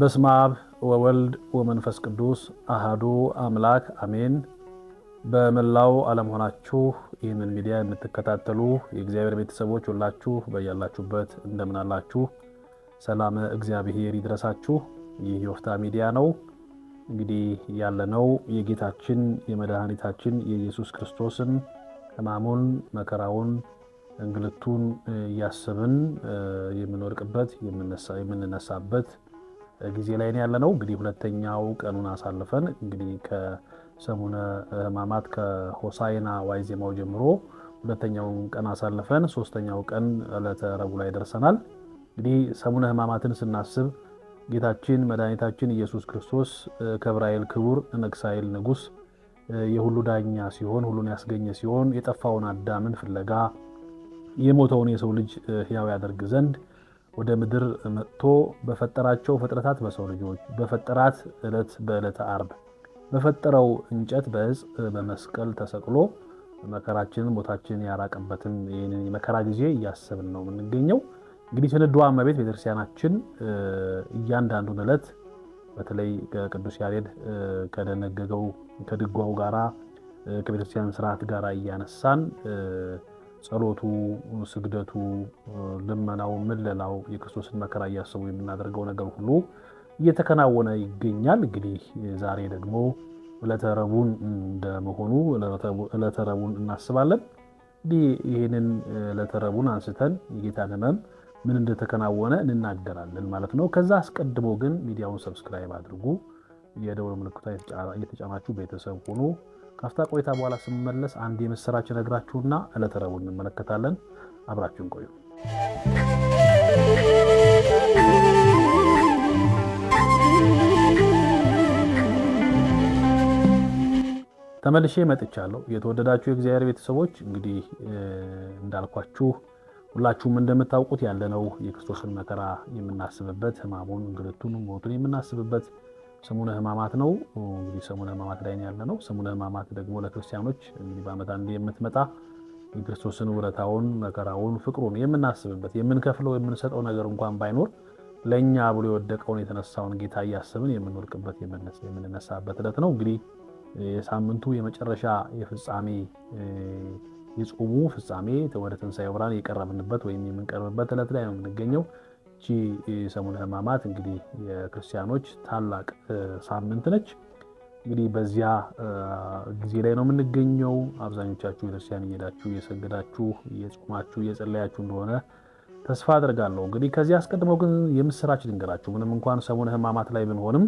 በስመ አብ ወወልድ ወመንፈስ ቅዱስ አሃዱ አምላክ አሜን። በመላው ዓለም ሆናችሁ ይህንን ሚዲያ የምትከታተሉ የእግዚአብሔር ቤተሰቦች ሁላችሁ በያላችሁበት እንደምናላችሁ ሰላም እግዚአብሔር ይድረሳችሁ። ይህ የወፍታ ሚዲያ ነው። እንግዲህ ያለነው የጌታችን የመድኃኒታችን የኢየሱስ ክርስቶስን ሕማሙን መከራውን እንግልቱን እያስብን የምንወድቅበት የምንነሳበት ጊዜ ላይ ያለ ነው። እንግዲህ ሁለተኛው ቀኑን አሳልፈን እንግዲህ ከሰሙነ ሕማማት ከሆሳይና ዋይዜማው ጀምሮ ሁለተኛውን ቀን አሳልፈን ሶስተኛው ቀን ዕለተ ረቡዕ ላይ ደርሰናል። እንግዲህ ሰሙነ ሕማማትን ስናስብ ጌታችን መድኃኒታችን ኢየሱስ ክርስቶስ ከብራኤል ክቡር ነግሣኤል ንጉሥ የሁሉ ዳኛ ሲሆን ሁሉን ያስገኘ ሲሆን የጠፋውን አዳምን ፍለጋ የሞተውን የሰው ልጅ ሕያው ያደርግ ዘንድ ወደ ምድር መጥቶ በፈጠራቸው ፍጥረታት በሰው ልጆች በፈጠራት ዕለት በዕለተ አርብ በፈጠረው እንጨት በዕፅ በመስቀል ተሰቅሎ መከራችንን ሞታችንን ያራቀበትን ይህንን የመከራ ጊዜ እያሰብን ነው የምንገኘው። እንግዲህ ትንድዋ እመቤት ቤተክርስቲያናችን እያንዳንዱን ዕለት በተለይ ከቅዱስ ያሬድ ከደነገገው ከድጓው ጋራ ከቤተክርስቲያን ስርዓት ጋር እያነሳን ጸሎቱ፣ ስግደቱ፣ ልመናው፣ ምለላው የክርስቶስን መከራ እያሰቡ የምናደርገው ነገር ሁሉ እየተከናወነ ይገኛል። እንግዲህ ዛሬ ደግሞ ዕለተ ረቡዕን እንደመሆኑ ዕለተ ረቡዕን እናስባለን። እንዲህ ይህንን ዕለተ ረቡዕን አንስተን የጌታን ሕመም ምን እንደተከናወነ እንናገራለን ማለት ነው። ከዛ አስቀድሞ ግን ሚዲያውን ሰብስክራይብ አድርጉ፣ የደወል ምልክቷ የተጫናችሁ ቤተሰብ ሁኑ። ካፍታ ቆይታ በኋላ ስንመለስ አንድ የምስራች ነግራችሁና ዕለተ ረቡዕ እንመለከታለን። አብራችሁን ቆዩ። ተመልሼ መጥቻለሁ። የተወደዳችሁ የእግዚአብሔር ቤተሰቦች እንግዲህ እንዳልኳችሁ ሁላችሁም እንደምታውቁት ያለነው የክርስቶስን መከራ የምናስብበት ሕማሙን፣ እንግልቱን፣ ሞቱን የምናስብበት ሰሙነ ሕማማት ነው። እንግዲህ ሰሙነ ሕማማት ላይ ያለ ነው። ሰሙነ ሕማማት ደግሞ ለክርስቲያኖች እንግዲህ በዓመት አንዴ የምትመጣ የክርስቶስን ውለታውን፣ መከራውን፣ ፍቅሩን የምናስብበት የምንከፍለው የምንሰጠው ነገር እንኳን ባይኖር ለእኛ ብሎ የወደቀውን የተነሳውን ጌታ እያስብን የምንወድቅበት የምንነሳበት ዕለት ነው። እንግዲህ የሳምንቱ የመጨረሻ የፍጻሜ የጾሙ ፍጻሜ ወደ ትንሣኤ ብርሃን የቀረብንበት ወይም የምንቀርብበት ዕለት ላይ ነው የምንገኘው። ይቺ ሰሙነ ሕማማት እንግዲህ የክርስቲያኖች ታላቅ ሳምንት ነች። እንግዲህ በዚያ ጊዜ ላይ ነው የምንገኘው። አብዛኞቻችሁ ቤተክርስቲያን እየሄዳችሁ እየሰገዳችሁ እየጾማችሁ እየጸለያችሁ እንደሆነ ተስፋ አድርጋለሁ። እንግዲህ ከዚህ አስቀድመው ግን የምስራች ልንገራችሁ። ምንም እንኳን ሰሙነ ሕማማት ላይ ብንሆንም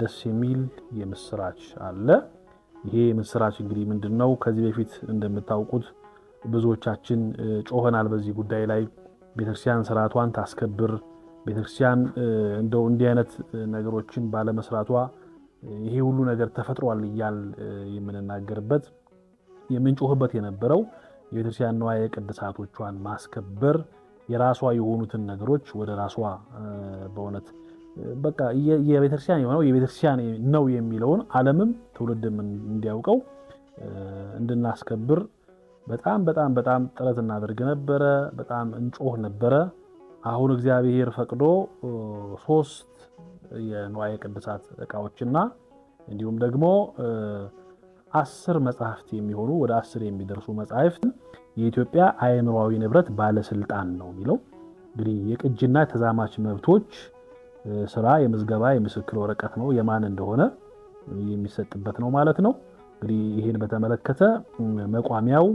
ደስ የሚል የምስራች አለ። ይሄ ምስራች እንግዲህ ምንድን ነው? ከዚህ በፊት እንደምታውቁት ብዙዎቻችን ጮኸናል በዚህ ጉዳይ ላይ ቤተክርስቲያን ስርዓቷን ታስከብር። ቤተክርስቲያን እንደው እንዲህ አይነት ነገሮችን ባለመስራቷ ይሄ ሁሉ ነገር ተፈጥሯል እያል የምንናገርበት የምንጮህበት የነበረው የቤተክርስቲያን ነዋየ ቅድሳቶቿን ማስከበር የራሷ የሆኑትን ነገሮች ወደ ራሷ በእውነት በቃ የቤተክርስቲያን የሆነው የቤተክርስቲያን ነው የሚለውን ዓለምም ትውልድም እንዲያውቀው እንድናስከብር በጣም በጣም በጣም ጥረት እናደርግ ነበረ። በጣም እንጮህ ነበረ። አሁን እግዚአብሔር ፈቅዶ ሶስት የንዋየ ቅድሳት እቃዎችና እንዲሁም ደግሞ አስር መጽሐፍት የሚሆኑ ወደ አስር የሚደርሱ መጽሐፍት የኢትዮጵያ አእምሯዊ ንብረት ባለስልጣን ነው የሚለው እንግዲህ የቅጂና የተዛማች መብቶች ስራ የምዝገባ የምስክር ወረቀት ነው የማን እንደሆነ የሚሰጥበት ነው ማለት ነው። እንግዲህ ይህን በተመለከተ መቋሚያው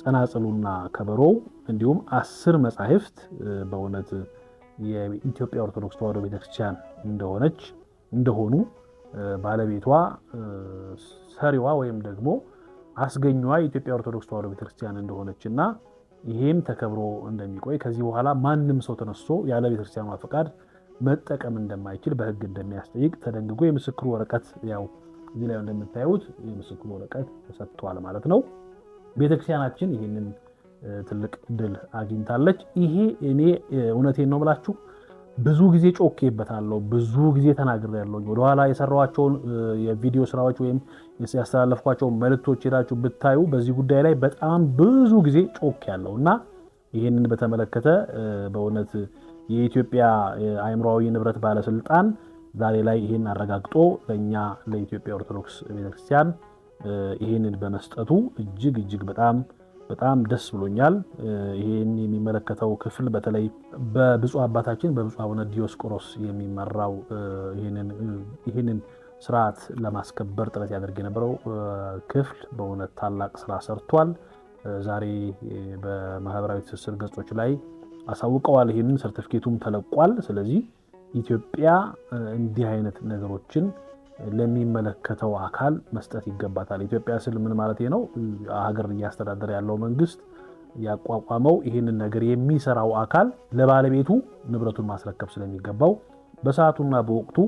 ጸናጽሉና ከበሮው እንዲሁም አስር መጻሕፍት በእውነት የኢትዮጵያ ኦርቶዶክስ ተዋሕዶ ቤተክርስቲያን እንደሆነች እንደሆኑ ባለቤቷ ሰሪዋ ወይም ደግሞ አስገኟ የኢትዮጵያ ኦርቶዶክስ ተዋሕዶ ቤተክርስቲያን እንደሆነች እና ይሄም ተከብሮ እንደሚቆይ ከዚህ በኋላ ማንም ሰው ተነስቶ ያለ ቤተክርስቲያኗ ፈቃድ መጠቀም እንደማይችል በሕግ እንደሚያስጠይቅ ተደንግጎ የምስክሩ ወረቀት ያው እዚህ ላይ እንደምታዩት የምስክሩ ወረቀት ተሰጥቷል ማለት ነው። ቤተክርስቲያናችን ይህንን ትልቅ ድል አግኝታለች። ይሄ እኔ እውነቴን ነው ብላችሁ ብዙ ጊዜ ጮኬበታለሁ፣ ብዙ ጊዜ ተናግሬያለሁ። ወደኋላ የሰራኋቸውን የቪዲዮ ስራዎች ወይም ያስተላለፍኳቸውን መልእክቶች ሄዳችሁ ብታዩ በዚህ ጉዳይ ላይ በጣም ብዙ ጊዜ ጮኬያለሁ እና ይህንን በተመለከተ በእውነት የኢትዮጵያ አእምሯዊ ንብረት ባለስልጣን ዛሬ ላይ ይህን አረጋግጦ ለእኛ ለኢትዮጵያ ኦርቶዶክስ ቤተክርስቲያን ይህንን በመስጠቱ እጅግ እጅግ በጣም በጣም ደስ ብሎኛል። ይህን የሚመለከተው ክፍል በተለይ በብፁዕ አባታችን በብፁዕ አቡነ ዲዮስቆሮስ የሚመራው ይህንን ስርዓት ለማስከበር ጥረት ያደርግ የነበረው ክፍል በእውነት ታላቅ ስራ ሰርቷል። ዛሬ በማህበራዊ ትስስር ገጾች ላይ አሳውቀዋል። ይህንን ሰርተፍኬቱም ተለቋል። ስለዚህ ኢትዮጵያ እንዲህ አይነት ነገሮችን ለሚመለከተው አካል መስጠት ይገባታል። ኢትዮጵያ ስል ምን ማለት ነው? ሀገር እያስተዳደረ ያለው መንግስት ያቋቋመው ይህንን ነገር የሚሰራው አካል ለባለቤቱ ንብረቱን ማስረከብ ስለሚገባው በሰዓቱና በወቅቱ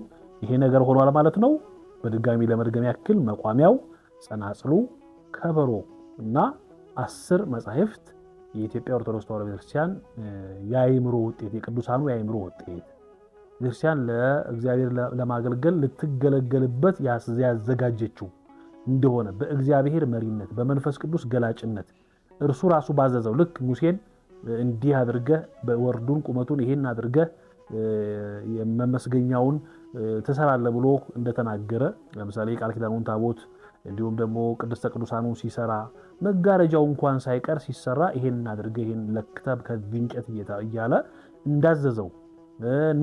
ይሄ ነገር ሆኗል ማለት ነው። በድጋሚ ለመድገም ያክል መቋሚያው፣ ጸናጽሉ፣ ከበሮ እና አስር መጻሕፍት የኢትዮጵያ ኦርቶዶክስ ተዋሕዶ ቤተክርስቲያን የአእምሮ ውጤት የቅዱሳኑ የአእምሮ ውጤት ቤተክርስቲያን ለእግዚአብሔር ለማገልገል ልትገለገልበት ያዘጋጀችው እንደሆነ በእግዚአብሔር መሪነት በመንፈስ ቅዱስ ገላጭነት እርሱ ራሱ ባዘዘው ልክ ሙሴን እንዲህ አድርገ ወርዱን ቁመቱን ይሄን አድርገ መመስገኛውን ተሰራለ ብሎ እንደተናገረ ለምሳሌ የቃል ኪዳኑን ታቦት እንዲሁም ደግሞ ቅድስተ ቅዱሳኑ ሲሰራ መጋረጃው እንኳን ሳይቀር ሲሰራ ይሄን አድርገ ይሄን ለክተብ ከዚህ እንጨት እያለ እንዳዘዘው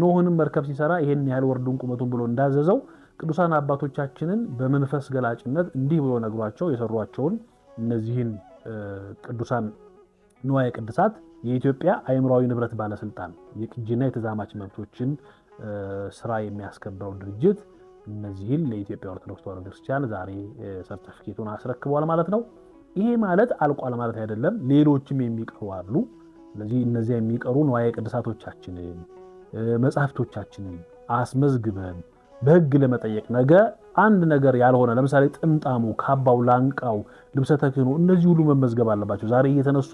ኖህንም መርከብ ሲሰራ ይሄን ያህል ወርዱን ቁመቱን ብሎ እንዳዘዘው ቅዱሳን አባቶቻችንን በመንፈስ ገላጭነት እንዲህ ብሎ ነግሯቸው የሰሯቸውን እነዚህን ቅዱሳን ንዋየ ቅድሳት የኢትዮጵያ አእምሯዊ ንብረት ባለስልጣን የቅጂና የተዛማች መብቶችን ስራ የሚያስከብረው ድርጅት እነዚህን ለኢትዮጵያ ኦርቶዶክስ ተዋሕዶ ክርስቲያን ዛሬ ሰርተፊኬቱን አስረክቧል ማለት ነው። ይሄ ማለት አልቋል ማለት አይደለም። ሌሎችም የሚቀሩ አሉ። ስለዚህ እነዚያ የሚቀሩ ንዋየ ቅድሳቶቻችንን መጽሐፍቶቻችንን አስመዝግበን በሕግ ለመጠየቅ ነገ አንድ ነገር ያልሆነ ለምሳሌ ጥምጣሙ፣ ካባው፣ ላንቃው፣ ልብሰ ተክህኖ እነዚህ ሁሉ መመዝገብ አለባቸው። ዛሬ እየተነሷ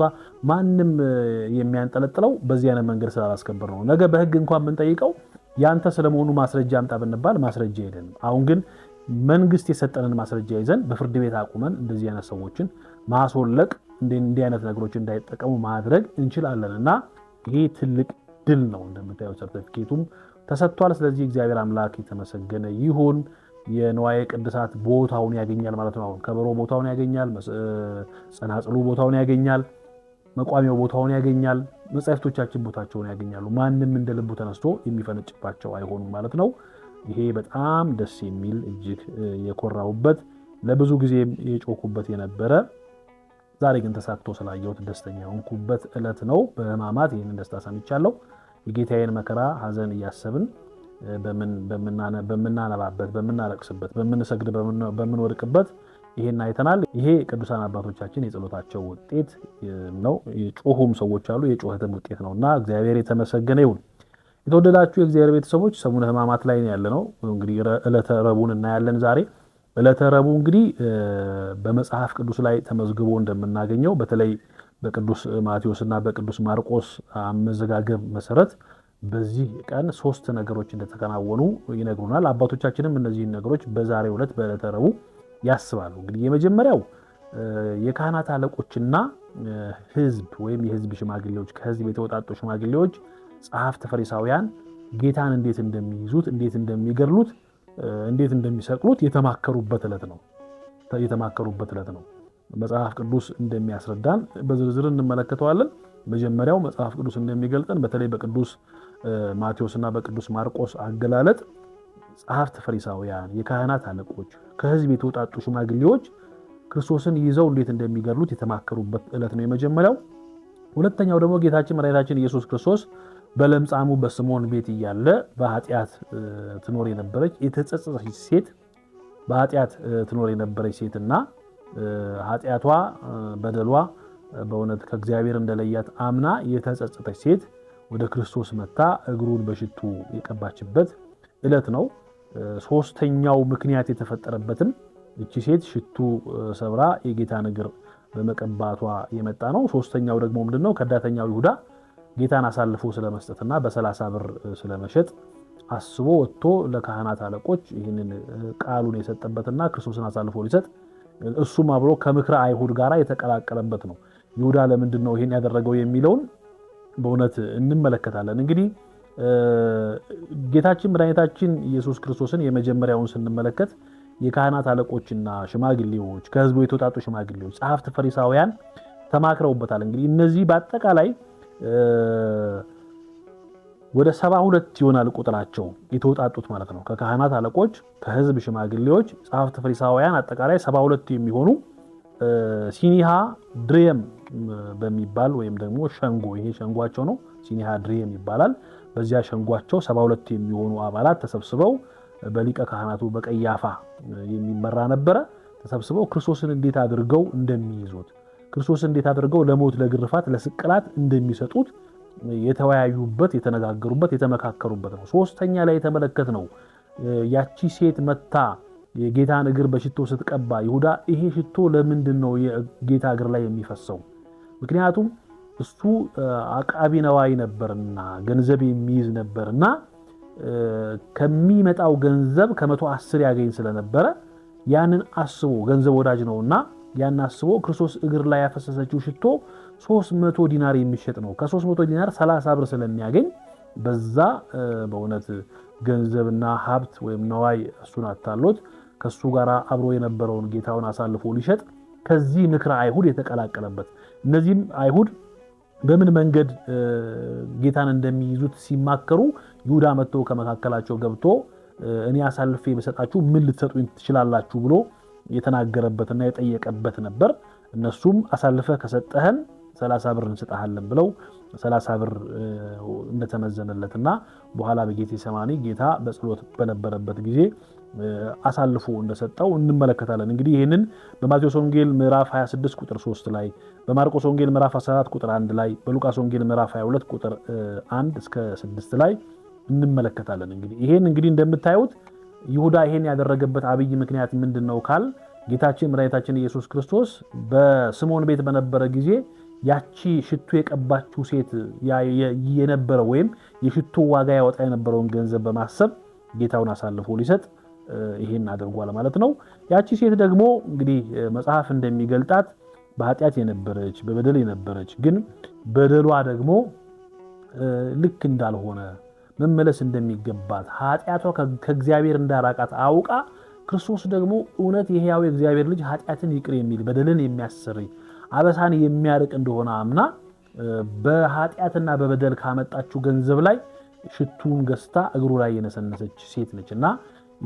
ማንም የሚያንጠለጥለው በዚህ አይነት መንገድ ስላላስከበር ነው። ነገ በሕግ እንኳን የምንጠይቀው ያንተ ስለመሆኑ ማስረጃ አምጣ ብንባል ማስረጃ የለንም። አሁን ግን መንግስት የሰጠንን ማስረጃ ይዘን በፍርድ ቤት አቁመን እንደዚህ አይነት ሰዎችን ማስወለቅ እንዲህ አይነት ነገሮች እንዳይጠቀሙ ማድረግ እንችላለን እና ይሄ ትልቅ ድል ነው። እንደምታየው ሰርተፊኬቱም ተሰጥቷል። ስለዚህ እግዚአብሔር አምላክ የተመሰገነ ይሁን። የንዋየ ቅድሳት ቦታውን ያገኛል ማለት ነው። አሁን ከበሮ ቦታውን ያገኛል፣ ጸናጽሉ ቦታውን ያገኛል፣ መቋሚያው ቦታውን ያገኛል፣ መጻሕፍቶቻችን ቦታቸውን ያገኛሉ። ማንም እንደ ልቡ ተነስቶ የሚፈነጭባቸው አይሆኑም ማለት ነው። ይሄ በጣም ደስ የሚል እጅግ የኮራሁበት ለብዙ ጊዜም የጮኩበት የነበረ ዛሬ ግን ተሳክቶ ስላየሁት ደስተኛ ሆንኩበት ዕለት ነው። በሕማማት ይህንን ደስታ ሰምቻለሁ። የጌታዬን መከራ ሐዘን እያሰብን በምናነባበት፣ በምናለቅስበት፣ በምንሰግድ፣ በምንወድቅበት ይህን አይተናል። ይሄ ቅዱሳን አባቶቻችን የጸሎታቸው ውጤት ነው። የጮሁም ሰዎች አሉ፣ የጩኸትም ውጤት ነው እና እግዚአብሔር የተመሰገነ ይሁን። የተወደዳችሁ የእግዚአብሔር ቤተሰቦች ሰሙነ ሕማማት ላይ ያለ ነው። እንግዲህ ዕለተ ረቡዕን እናያለን ዛሬ ዕለተ ረቡዕ እንግዲህ በመጽሐፍ ቅዱስ ላይ ተመዝግቦ እንደምናገኘው በተለይ በቅዱስ ማቴዎስና በቅዱስ ማርቆስ አመዘጋገብ መሰረት በዚህ ቀን ሶስት ነገሮች እንደተከናወኑ ይነግሩናል። አባቶቻችንም እነዚህን ነገሮች በዛሬው ዕለት በዕለተ ረቡዕ ያስባሉ። እንግዲህ የመጀመሪያው የካህናት አለቆችና ሕዝብ ወይም የሕዝብ ሽማግሌዎች ከሕዝብ የተወጣጡ ሽማግሌዎች፣ ጸሐፍት፣ ፈሪሳውያን ጌታን እንዴት እንደሚይዙት እንዴት እንደሚገድሉት እንዴት እንደሚሰቅሉት የተማከሩበት ዕለት ነው የተማከሩበት ዕለት ነው። መጽሐፍ ቅዱስ እንደሚያስረዳን በዝርዝር እንመለከተዋለን። መጀመሪያው መጽሐፍ ቅዱስ እንደሚገልጠን በተለይ በቅዱስ እና በቅዱስ ማርቆስ አገላለጥ ጸሐፍት ፈሪሳውያን፣ የካህናት አለቆች፣ ከህዝብ የተውጣጡ ሽማግሌዎች ክርስቶስን ይዘው እንዴት እንደሚገድሉት የተማከሩበት ዕለት ነው የመጀመሪያው። ሁለተኛው ደግሞ ጌታችን መድኃኒታችን ኢየሱስ ክርስቶስ በለምጻሙ በስምዖን ቤት እያለ በኃጢአት ትኖር የነበረች የተጸጸተች ሴት በኃጢአት ትኖር የነበረች ሴትና ኃጢአቷ በደሏ በእውነት ከእግዚአብሔር እንደለያት አምና የተጸጸተች ሴት ወደ ክርስቶስ መታ እግሩን በሽቱ የቀባችበት ዕለት ነው። ሶስተኛው ምክንያት የተፈጠረበትም እቺ ሴት ሽቱ ሰብራ የጌታን እግር በመቀባቷ የመጣ ነው። ሶስተኛው ደግሞ ምንድነው? ከዳተኛው ይሁዳ ጌታን አሳልፎ ስለመስጠትና በሰላሳ ብር ስለመሸጥ አስቦ ወጥቶ ለካህናት አለቆች ይህንን ቃሉን የሰጠበትና ክርስቶስን አሳልፎ ሊሰጥ እሱም አብሮ ከምክረ አይሁድ ጋር የተቀላቀለበት ነው። ይሁዳ ለምንድን ነው ይህን ያደረገው የሚለውን በእውነት እንመለከታለን። እንግዲህ ጌታችን መድኃኒታችን ኢየሱስ ክርስቶስን የመጀመሪያውን ስንመለከት የካህናት አለቆችና ሽማግሌዎች፣ ከህዝቡ የተውጣጡ ሽማግሌዎች፣ ጸሐፍት፣ ፈሪሳውያን ተማክረውበታል። እንግዲህ እነዚህ በአጠቃላይ ወደ ሰባ ሁለት ይሆናል ቁጥራቸው የተውጣጡት ማለት ነው። ከካህናት አለቆች፣ ከህዝብ ሽማግሌዎች፣ ጸሐፍት ፈሪሳውያን አጠቃላይ ሰባ ሁለት የሚሆኑ ሲኒሃ ድሬም በሚባል ወይም ደግሞ ሸንጎ ይሄ ሸንጓቸው ነው። ሲኒሃ ድሬም ይባላል። በዚያ ሸንጓቸው ሰባ ሁለት የሚሆኑ አባላት ተሰብስበው በሊቀ ካህናቱ በቀያፋ የሚመራ ነበረ። ተሰብስበው ክርስቶስን እንዴት አድርገው እንደሚይዙት ክርስቶስ እንዴት አድርገው ለሞት ለግርፋት፣ ለስቅላት እንደሚሰጡት የተወያዩበት፣ የተነጋገሩበት፣ የተመካከሩበት ነው። ሶስተኛ ላይ የተመለከት ነው ያቺ ሴት መታ የጌታን እግር በሽቶ ስትቀባ ይሁዳ ይሄ ሽቶ ለምንድን ነው የጌታ እግር ላይ የሚፈሰው? ምክንያቱም እሱ አቃቢ ነዋይ ነበርና ገንዘብ የሚይዝ ነበርና ከሚመጣው ገንዘብ ከመቶ አስር ያገኝ ስለነበረ ያንን አስቦ ገንዘብ ወዳጅ ነውና ያን አስቦ ክርስቶስ እግር ላይ ያፈሰሰችው ሽቶ 300 ዲናር የሚሸጥ ነው። ከ300 ዲናር 30 ብር ስለሚያገኝ በዛ በእውነት ገንዘብና ሀብት ወይም ነዋይ እሱን አታሎት ከሱ ጋር አብሮ የነበረውን ጌታውን አሳልፎ ሊሸጥ ከዚህ ምክረ አይሁድ የተቀላቀለበት እነዚህም አይሁድ በምን መንገድ ጌታን እንደሚይዙት ሲማከሩ ይሁዳ መጥቶ ከመካከላቸው ገብቶ እኔ አሳልፌ በሰጣችሁ ምን ልትሰጡኝ ትችላላችሁ ብሎ የተናገረበትና የጠየቀበት ነበር። እነሱም አሳልፈ ከሰጠህን ሰላሳ ብር እንስጠሃለን ብለው ሰላሳ ብር እንደተመዘነለትና በኋላ በጌቴ ሰማኒ ጌታ በጸሎት በነበረበት ጊዜ አሳልፎ እንደሰጠው እንመለከታለን። እንግዲህ ይህንን በማቴዎስ ወንጌል ምዕራፍ 26 ቁጥር 3 ላይ፣ በማርቆስ ወንጌል ምዕራፍ 14 ቁጥር 1 ላይ፣ በሉቃስ ወንጌል ምዕራፍ 22 ቁጥር 1 እስከ 6 ላይ እንመለከታለን። እንግዲህ ይህን እንግዲህ እንደምታዩት ይሁዳ ይሄን ያደረገበት አብይ ምክንያት ምንድን ነው ካል ጌታችን መድኃኒታችን ኢየሱስ ክርስቶስ በስምዖን ቤት በነበረ ጊዜ ያቺ ሽቱ የቀባችው ሴት የነበረው ወይም የሽቱ ዋጋ ያወጣ የነበረውን ገንዘብ በማሰብ ጌታውን አሳልፎ ሊሰጥ ይሄን አድርጓል ማለት ነው። ያቺ ሴት ደግሞ እንግዲህ መጽሐፍ እንደሚገልጣት በኃጢአት የነበረች በበደል የነበረች ግን በደሏ ደግሞ ልክ እንዳልሆነ መመለስ እንደሚገባት ኃጢአቷ ከእግዚአብሔር እንዳራቃት አውቃ ክርስቶስ ደግሞ እውነት የሕያው እግዚአብሔር ልጅ ኃጢአትን ይቅር የሚል በደልን የሚያሰርይ አበሳን የሚያርቅ እንደሆነ አምና በኃጢአትና በበደል ካመጣችው ገንዘብ ላይ ሽቱን ገዝታ እግሩ ላይ የነሰነሰች ሴት ነች እና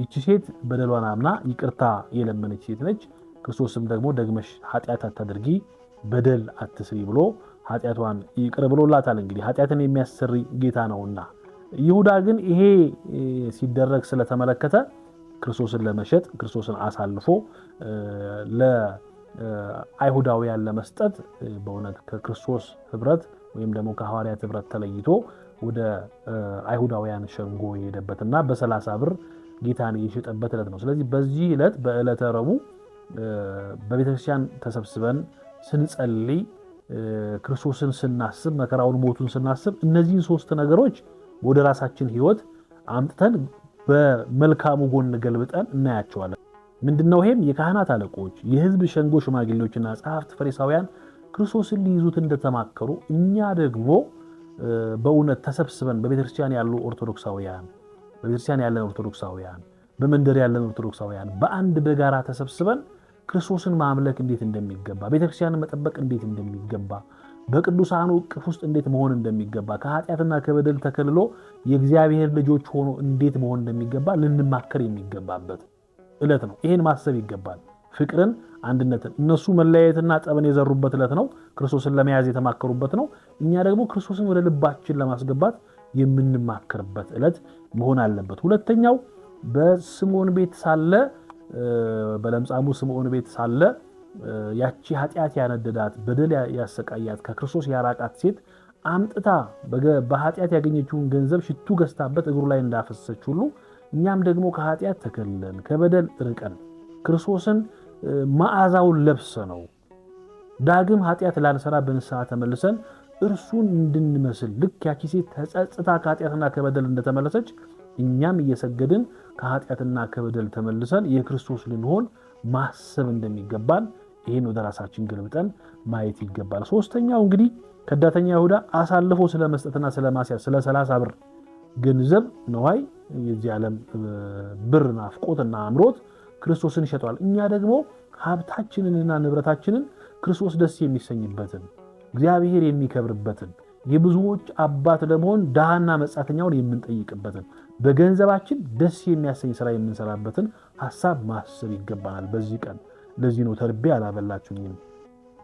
ይቺ ሴት በደሏን አምና ይቅርታ የለመነች ሴት ነች። ክርስቶስም ደግሞ ደግመሽ ኃጢአት አታድርጊ፣ በደል አትስሪ ብሎ ኃጢአቷን ይቅር ብሎላታል። እንግዲህ ኃጢአትን የሚያሰሪ ጌታ ነውና ይሁዳ ግን ይሄ ሲደረግ ስለተመለከተ ክርስቶስን ለመሸጥ ክርስቶስን አሳልፎ ለአይሁዳውያን ለመስጠት በእውነት ከክርስቶስ ህብረት ወይም ደግሞ ከሐዋርያት ህብረት ተለይቶ ወደ አይሁዳውያን ሸንጎ የሄደበትና በሰላሳ ብር ጌታን የሸጠበት ዕለት ነው። ስለዚህ በዚህ ዕለት በዕለተ ረቡዕ በቤተክርስቲያን ተሰብስበን ስንጸልይ ክርስቶስን ስናስብ መከራውን፣ ሞቱን ስናስብ እነዚህን ሶስት ነገሮች ወደ ራሳችን ህይወት አምጥተን በመልካሙ ጎን ገልብጠን እናያቸዋለን። ምንድነው? ይሄም የካህናት አለቆች፣ የህዝብ ሸንጎ ሽማግሌዎችና ጸሐፍት ፈሪሳውያን ክርስቶስን ሊይዙት እንደተማከሩ እኛ ደግሞ በእውነት ተሰብስበን በቤተክርስቲያን ያሉ ኦርቶዶክሳውያን በቤተክርስቲያን ያለን ኦርቶዶክሳውያን በመንደር ያለን ኦርቶዶክሳውያን በአንድ በጋራ ተሰብስበን ክርስቶስን ማምለክ እንዴት እንደሚገባ ቤተክርስቲያንን መጠበቅ እንዴት እንደሚገባ በቅዱሳኑ እቅፍ ውስጥ እንዴት መሆን እንደሚገባ ከኃጢአትና ከበደል ተከልሎ የእግዚአብሔር ልጆች ሆኖ እንዴት መሆን እንደሚገባ ልንማከር የሚገባበት እለት ነው። ይህን ማሰብ ይገባል። ፍቅርን፣ አንድነትን እነሱ መለያየትና ጠብን የዘሩበት እለት ነው። ክርስቶስን ለመያዝ የተማከሩበት ነው። እኛ ደግሞ ክርስቶስን ወደ ልባችን ለማስገባት የምንማከርበት እለት መሆን አለበት። ሁለተኛው በስምዖን ቤት ሳለ በለምጻሙ ስምዖን ቤት ሳለ ያቺ ኃጢአት ያነደዳት በደል ያሰቃያት ከክርስቶስ ያራቃት ሴት አምጥታ በኃጢአት ያገኘችውን ገንዘብ ሽቱ ገዝታበት እግሩ ላይ እንዳፈሰች ሁሉ እኛም ደግሞ ከኃጢአት ተከልለን ከበደል ርቀን ክርስቶስን መዓዛውን ለብሰ ነው ዳግም ኃጢአት ላንሰራ በንስሐ ተመልሰን እርሱን እንድንመስል ልክ ያቺ ሴት ተጸጽታ ከኃጢአትና ከበደል እንደተመለሰች እኛም እየሰገድን ከኃጢአትና ከበደል ተመልሰን የክርስቶስ ልንሆን ማሰብ እንደሚገባን ይህን ወደ ራሳችን ገልብጠን ማየት ይገባል። ሶስተኛው እንግዲህ ከዳተኛ ይሁዳ አሳልፎ ስለ መስጠትና ስለ ማስያዝ ስለ ሰላሳ ብር ገንዘብ ነዋይ የዚህ ዓለም ብር ናፍቆትና አምሮት ክርስቶስን ይሸጠዋል። እኛ ደግሞ ሀብታችንንና ንብረታችንን ክርስቶስ ደስ የሚሰኝበትን እግዚአብሔር የሚከብርበትን የብዙዎች አባት ለመሆን ድሃና መጻተኛውን የምንጠይቅበትን በገንዘባችን ደስ የሚያሰኝ ስራ የምንሰራበትን ሀሳብ ማሰብ ይገባናል። በዚህ ቀን ለዚህ ነው ተርቤ አላበላችሁኝም፣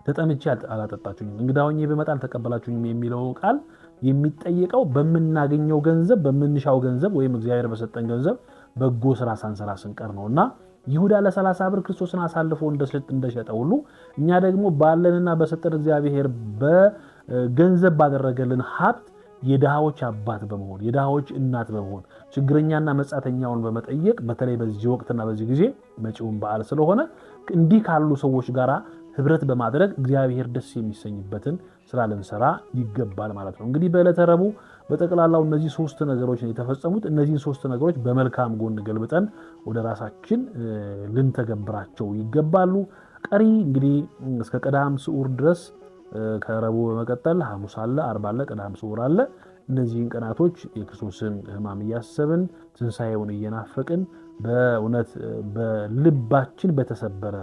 ተጠምቼ አላጠጣችሁኝም፣ እንግዳ ሆኜ ብመጣ አልተቀበላችሁኝም የሚለው ቃል የሚጠየቀው በምናገኘው ገንዘብ በምንሻው ገንዘብ ወይም እግዚአብሔር በሰጠን ገንዘብ በጎ ስራ ሳንሰራ ስንቀር ነው እና ይሁዳ ለሰላሳ ብር ክርስቶስን አሳልፎ እንደሸጠ ሁሉ እኛ ደግሞ ባለንና በሰጠን እግዚአብሔር በገንዘብ ባደረገልን ሀብት የድሃዎች አባት በመሆን የድሃዎች እናት በመሆን ችግረኛና መጻተኛውን በመጠየቅ በተለይ በዚህ ወቅትና በዚህ ጊዜ መጪውን በዓል ስለሆነ እንዲህ ካሉ ሰዎች ጋር ህብረት በማድረግ እግዚአብሔር ደስ የሚሰኝበትን ስራ ልንሰራ ይገባል ማለት ነው። እንግዲህ በዕለተ ረቡዕ በጠቅላላው እነዚህ ሶስት ነገሮች ነው የተፈጸሙት። እነዚህን ሶስት ነገሮች በመልካም ጎን ገልብጠን ወደ ራሳችን ልንተገብራቸው ይገባሉ። ቀሪ እንግዲህ እስከ ቀዳም ስዑር ድረስ ከረቡዕ በመቀጠል ሐሙስ አለ፣ አርብ አለ፣ ቅዳም ስዑር አለ። እነዚህን ቀናቶች የክርስቶስን ሕማም እያሰብን ትንሣኤውን እየናፈቅን በእውነት በልባችን በተሰበረ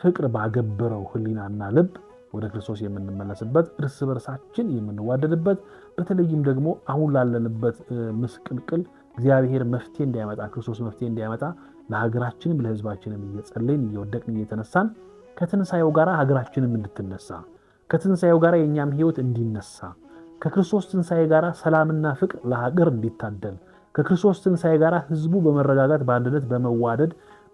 ፍቅር ባገበረው ህሊናና ልብ ወደ ክርስቶስ የምንመለስበት እርስ በርሳችን የምንዋደድበት በተለይም ደግሞ አሁን ላለንበት ምስቅልቅል እግዚአብሔር መፍትሄ እንዲያመጣ ክርስቶስ መፍትሄ እንዲያመጣ ለሀገራችንም ለህዝባችንም እየጸለይን እየወደቅን እየተነሳን ከትንሣኤው ጋር ሀገራችንም እንድትነሳ ከትንሣኤው ጋር የእኛም ሕይወት እንዲነሳ ከክርስቶስ ትንሣኤ ጋር ሰላምና ፍቅር ለሀገር እንዲታደል ከክርስቶስ ትንሣኤ ጋር ሕዝቡ በመረጋጋት በአንድነት በመዋደድ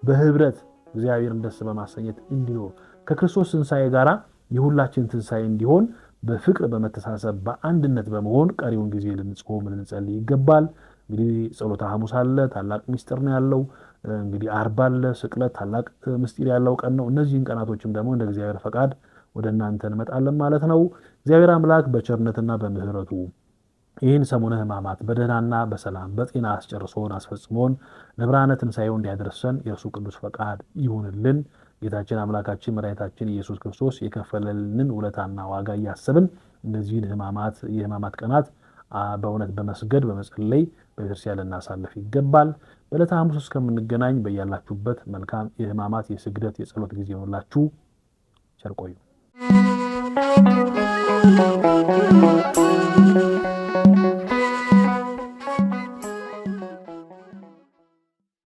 በህብረት እግዚአብሔርን ደስ በማሰኘት እንዲኖር ከክርስቶስ ትንሣኤ ጋር የሁላችን ትንሣኤ እንዲሆን በፍቅር በመተሳሰብ በአንድነት በመሆን ቀሪውን ጊዜ ልንጾም ልንጸልይ ይገባል። እንግዲህ ጸሎተ ሐሙስ አለ፣ ታላቅ ምስጢር ነው ያለው። እንግዲህ ዓርብ አለ፣ ስቅለት ታላቅ ምስጢር ያለው ቀን ነው። እነዚህን ቀናቶችም ደግሞ እንደ እግዚአብሔር ፈቃድ ወደ እናንተ እንመጣለን ማለት ነው። እግዚአብሔር አምላክ በቸርነትና በምሕረቱ ይህን ሰሙነ ሕማማት በደህናና በሰላም በጤና አስጨርሶን አስፈጽሞን ለብርሃነ ትንሣኤው እንዲያደርሰን የእርሱ ቅዱስ ፈቃድ ይሁንልን። ጌታችን አምላካችን መድኃኒታችን ኢየሱስ ክርስቶስ የከፈለልንን ውለታና ዋጋ እያሰብን እነዚህን ሕማማት የሕማማት ቀናት በእውነት በመስገድ በመጸለይ በቤተክርስቲያን ልናሳልፍ ይገባል። በዕለተ ሐሙስ እስከምንገናኝ በያላችሁበት መልካም የሕማማት የስግደት የጸሎት ጊዜ ሆንላችሁ። ቸር ቆዩ። Thank you.